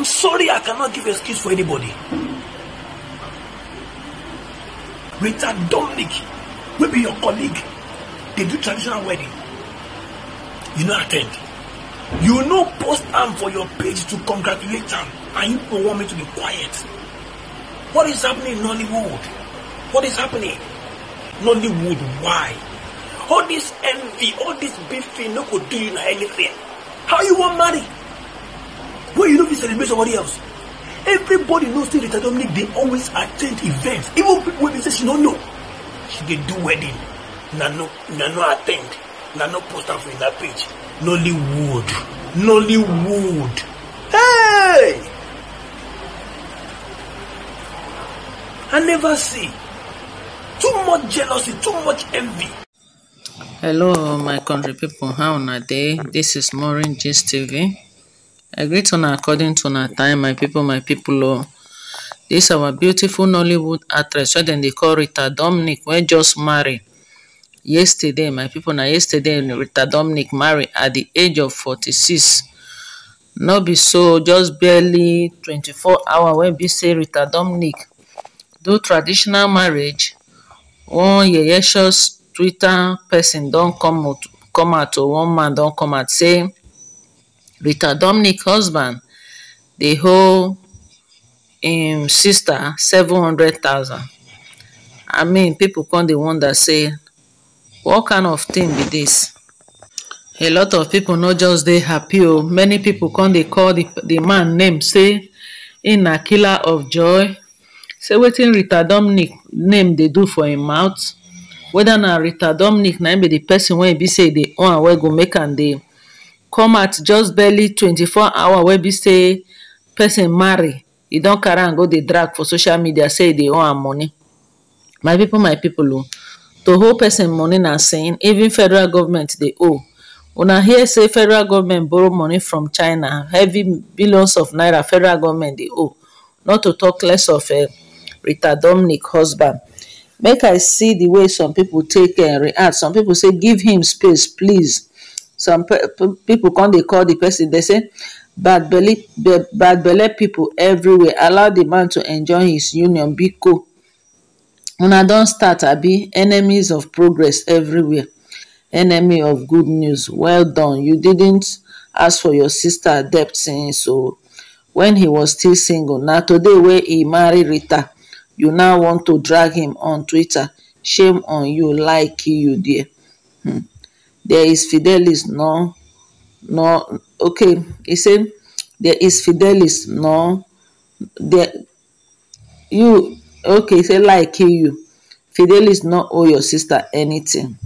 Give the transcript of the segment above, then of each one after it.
I'm sorry, I cannot give excuse for anybody. Richard Dominic, maybe your colleague, they do traditional wedding. You not attend. You know post time for your page to congratulate them. and you don't want me to be quiet. What is happening in Nollywood? What is happening? Nollywood, why? All this envy, all this beefing, no could do you anything. How you want marry? to celebrate somebody else. Everybody knows till the Tadomini, they always attend events. Even when they say she don't know, she dey do wedding. Na no, na no attend. Na no post am for una page. Nollywood, Nollywood. Hey! I never see. Too much jealousy, too much envy. Hello, my country people. How are they? This is Maureen Gist TV. I greet una according to una time, my people, my people. Oh. This our beautiful Nollywood actress wey dem dey call Rita Dominic wey just marry yesterday, my people. Na yesterday Rita Dominic marry at the age of 46. Not be so, just barely 24 hour When we say Rita Dominic do traditional marriage. One yeye Twitter person Don't come out, come out, oh, one man Don't come out say rita dominic husband dey owe him sister seven hundred thousand i mean pipo come dey wonder say what kind of thing be this? a lot of people, not just they happy Oh, many people come dey call the man name say in a killer of joy say wetin rita dominic name they do for him out. whether na rita dominic name im be di person when he be say e dey own and go make and dey come at just barely twenty-four hour wey be say person marry e don carry am go dey drag for social media say e dey owe am money my people my people o oh, to hold person money na sin even federal government dey owe una hear say federal government borrow money from china heavy billions of naira federal government dey owe not to talk less of eh, rita dominic husband make i see the way some people take eh, react some people say give him space please some people come They call the person They say bad bad belle people everywhere allow the man to enjoy his union biko una don't start be enemies of progress everywhere enemy of good news well done you didn't ask for your sister debt saying so. When he was still single Now today where he marry rita you now want to drag him on twitter shame on you like you dear. hmm. there is fidelis no no okay he said there is fidelis no there you okay say like kill you fidelis not owe your sister anything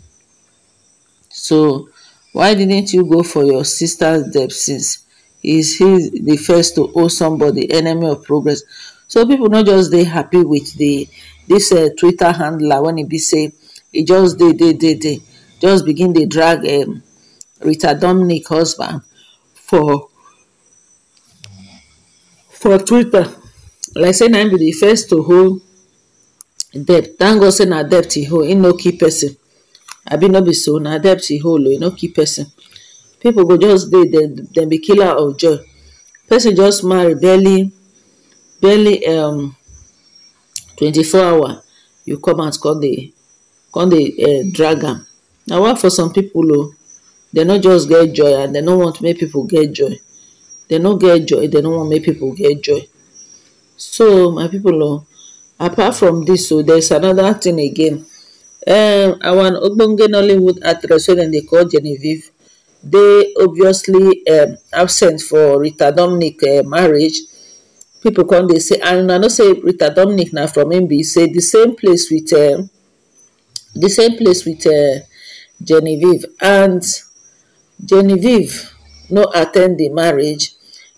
so why didn't you go for your sister's debt since is he the first to owe somebody enemy of progress so people not just they happy with the this uh, twitter handler when e be say it just they they they just begin dey drag um, Rita Dominic husband for for Twitter like say I'm the first to hold debt thank God say na debt he hold he no kill person I be no be so na debt he hold oh, he no kill person people go just they they they be killer of joy person just marry barely barely um, twenty four hour you come out call the call the uh, drag am Now, why for some people o oh, they not just get joy and do not want make people get joy do not get joy do not want make people get joy so my people o oh, apart from this, so oh, there is another thing again um, want ogbonge nollywood actress wey and dey call genevieve They obviously um, absent for rita dominic uh, marriage People come they say and i know say rita dominic now from Mb. say the same place with um, The same place with uh, genevieve and genevieve no attend the marriage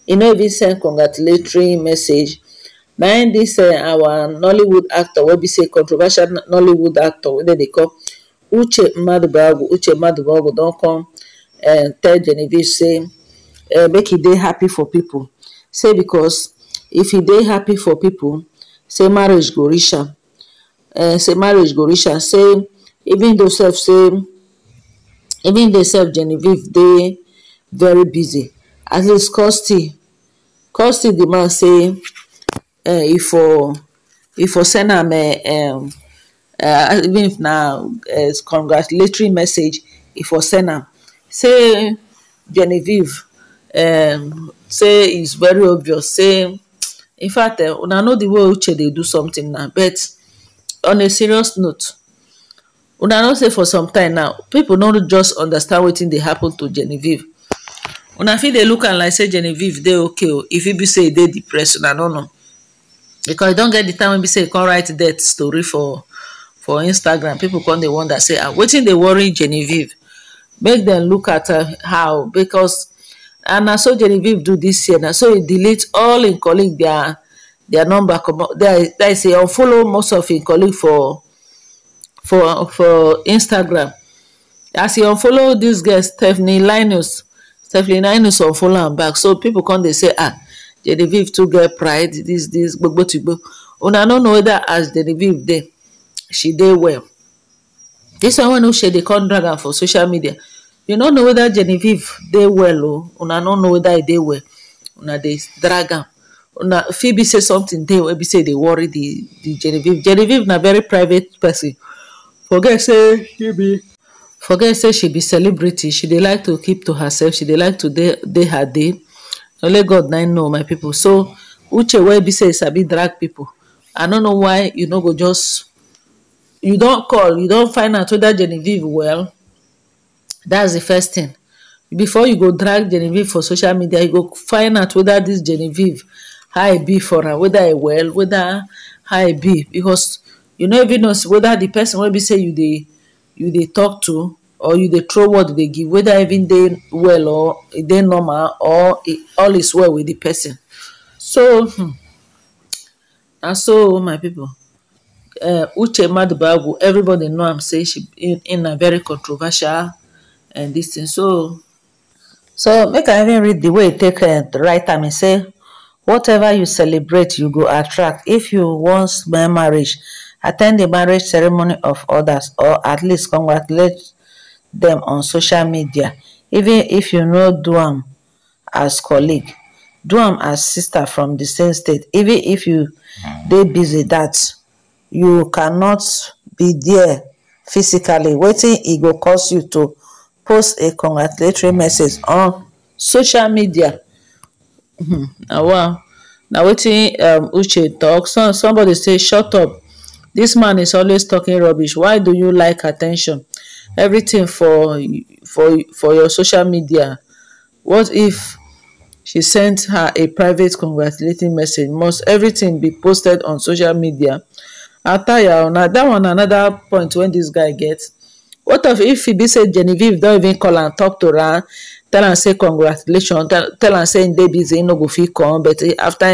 He no even send congratulatory message na this, dis our nollywood actor wey be say controversial nollywood actor wey dem dey call uche mmadubuagwu uche mmadubuagwu Don't come eh, tell genevieve say eh, make e day happy for people. say because if he day happy for people, say marriage Gorisha. reach eh, say marriage Gorisha. say even though self say even they sef genevieve dey very busy at least costi costi man say uh, e for e for send am eh, um, uh, even if na uh, congratulatory message e for send am say genevieve um, say it's very obvious say in fact una uh, know the way uche dey do something now. but on a serious note una know say for some time now People no just understand wetin dey happen to genevieve una fit dey look am like say genevieve dey okay o oh, e be say e dey depressed una no know because e don get the time wey e be say e come write death story for for instagram pipo come dey wonder say ah wetin dey worry genevieve make dem look at how oh, because and na so genevieve do this year na so e delete all im colleague their number comot there is say unfollow most of im colleague for for for instagram as he unfollow dis girl stephanie linus stephanie linus unfollow am back so pipo come dey say ah genevieve too get pride dis dis gbogbo ti gbogbo una no know weda as genevieve dey she dey well dis one wey she dey come drag am for social media you no know weda genevieve dey well o una no know weda e dey well una dey drag am una fit be say sometin dey wey be say dey worry di genevieve genevieve na very private person forget say she be forget say she be celebrity she dey like to keep to herself she dey like to dey dey her day only god na know my people so uche wey be say e sabi drag people i no know why you no go just you don call you don find out whether genevieve well that's the first thing before you go drag genevieve for social media you go find out whether this genevieve how e be for am whether e well whether how e be because you no even know whether the person wey be say you dey you dey talk to or you dey throw word dey give whether e even dey well or e dey normal or e, all is well with di person so hmm, na so my people eh, uche madubangu everybody know am say she in na very controversial and eh, dis thing so. so make i even read di way e take eh, write am me say whatever you celebrate you go attract if you wan marriage. attend the marriage ceremony of others or at least congratulate them on social media even if you know duam as colleague duam as sister from the same state even if you they busy that you cannot be there physically Waiting, ego go cause you to post a congratulatory message on social media hmm, na wow na wetin um, uche tok somebody say shut up This man is always talking rubbish why do you like attention everything for for for your social media what if she sent her a private congratulating message must everything be posted on social media ataya oh, na that one another point When this guy get what of if he be say genevieve don even call and talk to her tell am say congratulations tell am say im dey busy im no go fit come but after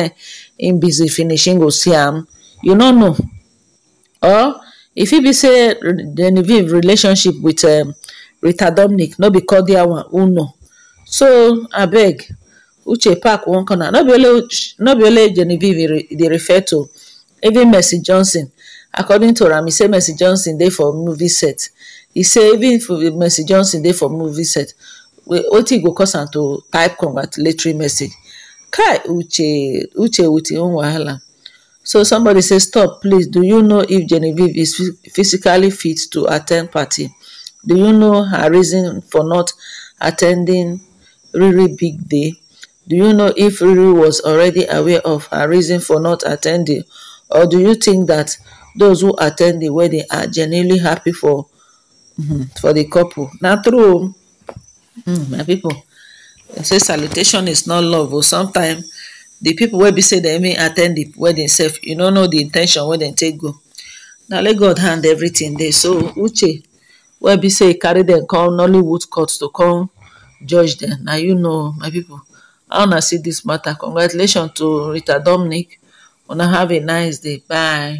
im busy finish im go see am you no know or if fit be say genevieve relationship with um, rita dominic no be cordial one who know so abeg uche park one corner no be only no be only genevieve e dey refer to even mercy johnson according to am he say mercy johnson dey for movie set He say even if mercy johnson dey for movie set wetin go cause am to type congratulatory message kai uche uche with im own wahala So somebody says, stop, please. Do you know if Genevieve is physically fit to attend party? Do you know her reason for not attending Riri big day? Do you know if Riri was already aware of her reason for not attending? Or do you think that those who attend the wedding are genuinely happy for mm-hmm, for the couple? Na true. Mm, my people, they say salutation is not love. Oh, sometimes The people wey be say dem even attend the wedding sef you no know di intention wey dem take go na God hand everything dey so uche wey be say e carry dem come nollywood court to come judge dem na you know my people. how una see this matter congratulations to rita dominic una have a nice day bye